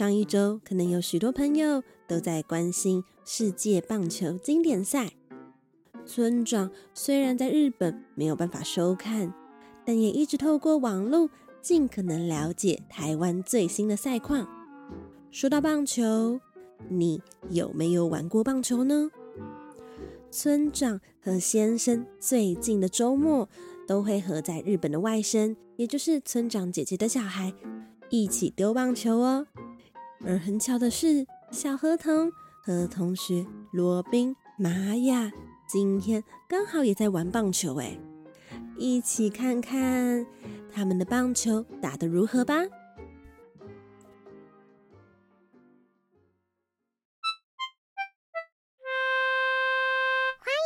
上一周，可能有許多朋友都在關心世界棒球經典賽。村長雖然在日本沒有辦法收看，但也一直透過網絡盡可能了解台灣最新的賽況。說到棒球，你有沒有玩過棒球呢？村長和先生最近的周末都會和在日本的外甥，也就是村長姐姐的小孩一起丟棒球哦。而很巧的是，小河童和同學羅賓、麻亞今天剛好也在玩棒球哎，一起看看他們的棒球打得如何吧。歡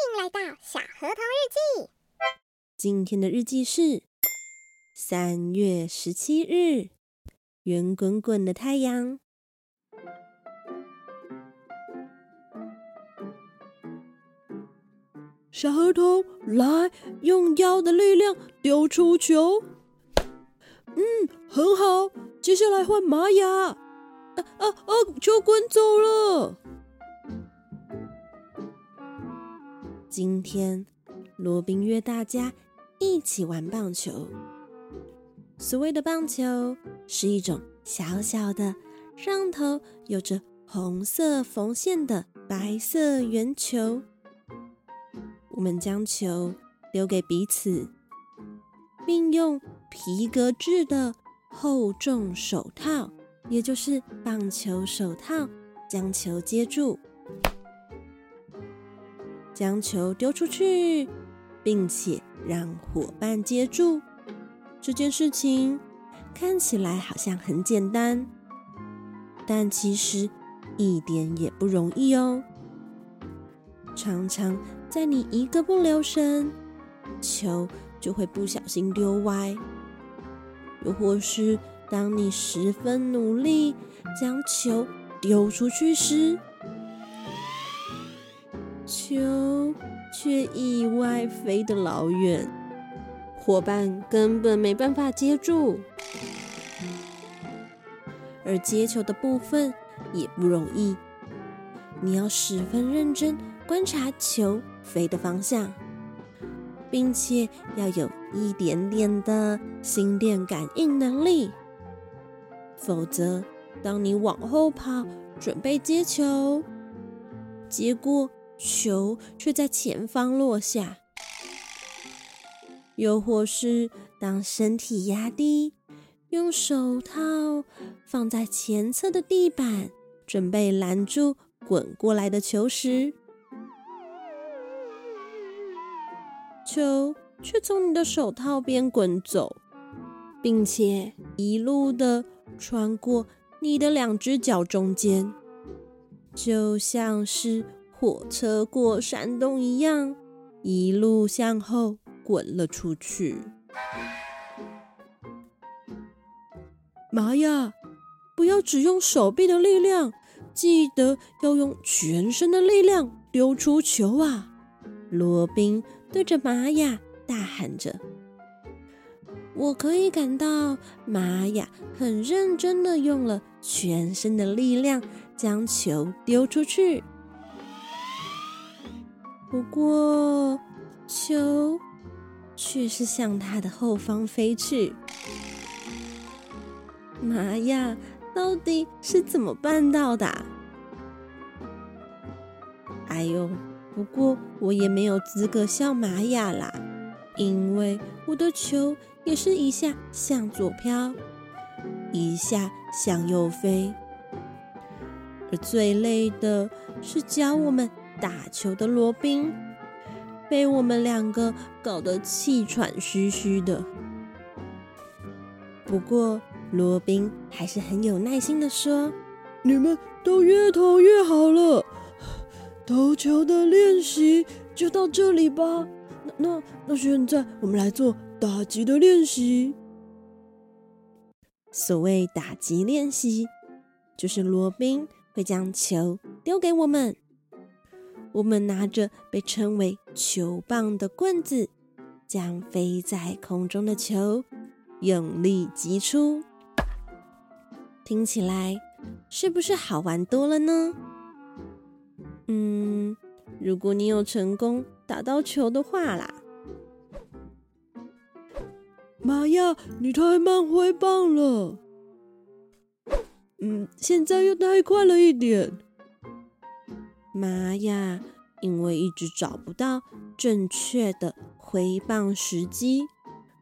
迎來到小河童日記。今天的日記是三月十七日，圓滾滾的太陽。小河童來，來用腰的力量丟出球。嗯，很好。接下來換麻亞。啊啊啊！球、啊、滾走了。今天，羅賓約大家一起玩棒球。所謂的棒球，是一種小小的、上頭有着紅色縫線的白色圓球。我們將球丟給彼此，並用皮革製的厚重手套，也就是棒球手套，將球接住，將球丟出去，並且讓夥伴接住。這件事情看起來好像很簡單，但其實一點也不容易哦。常常。在你一個不留神，球就會不小心丟歪；又或是當你十分努力將球丟出去時，球卻意外飛得老遠，夥伴根本沒辦法接住。而接球的部分也不容易，你要十分認真觀察球。飛的方向，並且要有一點點的心電感應能力，否則，當你往後跑，準備接球，結果球卻在前方落下；又或是當身體壓低，用手套放在前側的地板，準備攔住滾過來的球時。球卻從你的手套邊滾走，並且一路的穿過你的兩隻腳中間，就像是火車過山洞一樣，一路向後滾了出去。麻亞！不要只用手臂的力量，記得要用全身的力量丟出球啊，羅賓。對着瑪雅大喊着：“我可以感到瑪雅很認真的用了全身的力量將球丟出去，不過球卻是向他的後方飛去。瑪雅到底是怎麼辦到的？哎呦！”不過我也沒有資格笑瑪雅啦，因為我的球也是一下向左飄，一下向右飛。而最累的是教我們打球的羅賓，被我們兩個搞得氣喘吁吁的。不過羅賓還是很有耐心地說：“你們都越投越好了。”投球的練習就到這裡吧。那那那，那現在我們來做打擊的練習。所謂打擊練習，就是羅賓會將球丟給我們，我們拿着被稱為球棒的棍子，將飛在空中的球用力擊出。聽起來是不是好玩多了呢？嗯，如果你有成功打到球的話啦。麻亞，你太慢揮棒了！嗯，現在又太快了一點。麻亞，因為一直找不到正確的揮棒時機，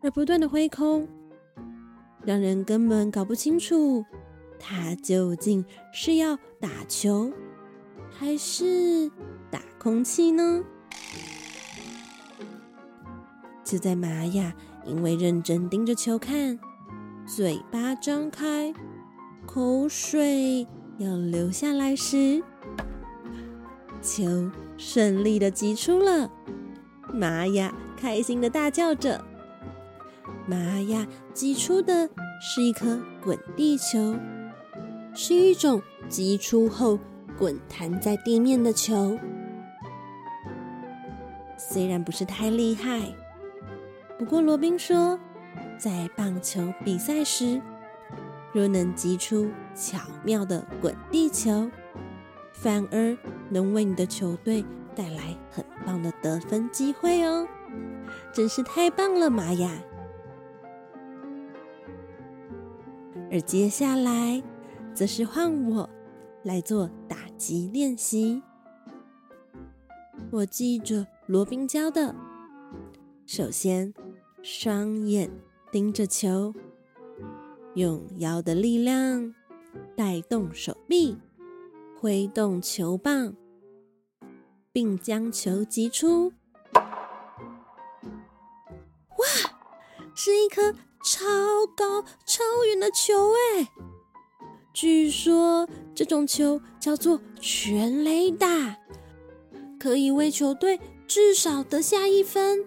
而不斷的揮空，讓人根本搞不清楚他究竟是要打球。還是打空氣呢？就在瑪雅因為認真盯着球看，嘴巴張開，口水要流下來時，球順利的擊出了。瑪雅開心的大叫着：“瑪雅擊出的是一顆滾地球，是一種擊出後。”滾彈在地面的球，雖然不是太厲害，不過羅賓說，在棒球比賽時，若能擊出巧妙的滾地球，反而能為你的球隊帶來很棒的得分機會哦！真是太棒了，麻亞。而接下來則是換我來做打。及練習，我記着羅賓教的：首先，雙眼盯着球，用腰的力量帶動手臂揮動球棒，並將球擊出。哇，是一顆超高超遠的球哎！據說這種球叫做全壘打，可以為球隊至少得下一分。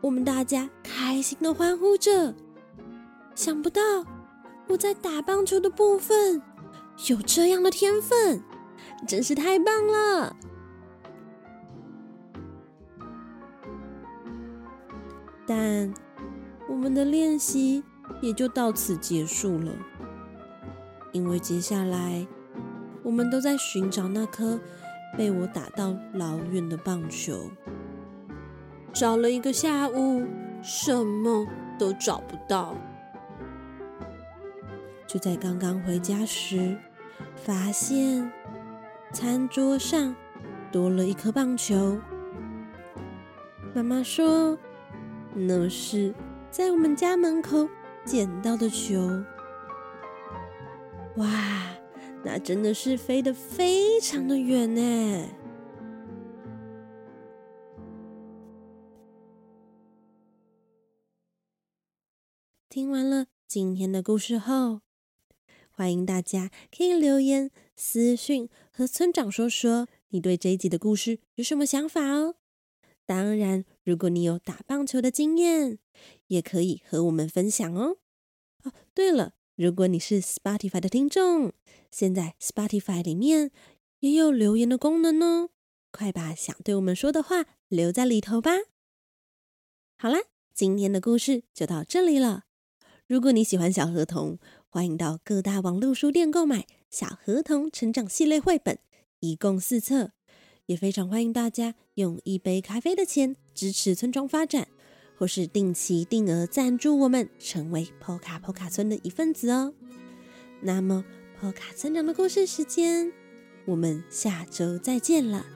我們大家開心的歡呼着，想不到我在打棒球的部分有這樣的天分，真是太棒了！但我們的練習也就到此結束了。因為接下來，我們都在尋找那顆被我打到老遠的棒球。找了一個下午，什麼都找不到。就在剛剛回家時，發現餐桌上多了一顆棒球。媽媽說，那是在我們家門口撿到的球。哇，那真的是飛得非常的遠呢！聽完了今天的故事後，歡迎大家可以留言、私訊和村長說說你對這一集的故事有什麼想法哦。當然，如果你有打棒球的經驗，也可以和我們分享哦。哦、啊，對了。如果你是 Spotify 的聽眾，現在 Spotify 裡面也有留言的功能哦，快把想對我們說的話留在裡頭吧。好啦，今天的故事就到這裡了。如果你喜歡小河童，歡迎到各大網絡書店購買《小河童成長系列》繪本，一共四冊，也非常歡迎大家用一杯咖啡的錢支持村莊發展。或是定期定額贊助我們，成為波卡波卡村的一份子哦。那麼波卡村長的故事時間，我們下周再見了。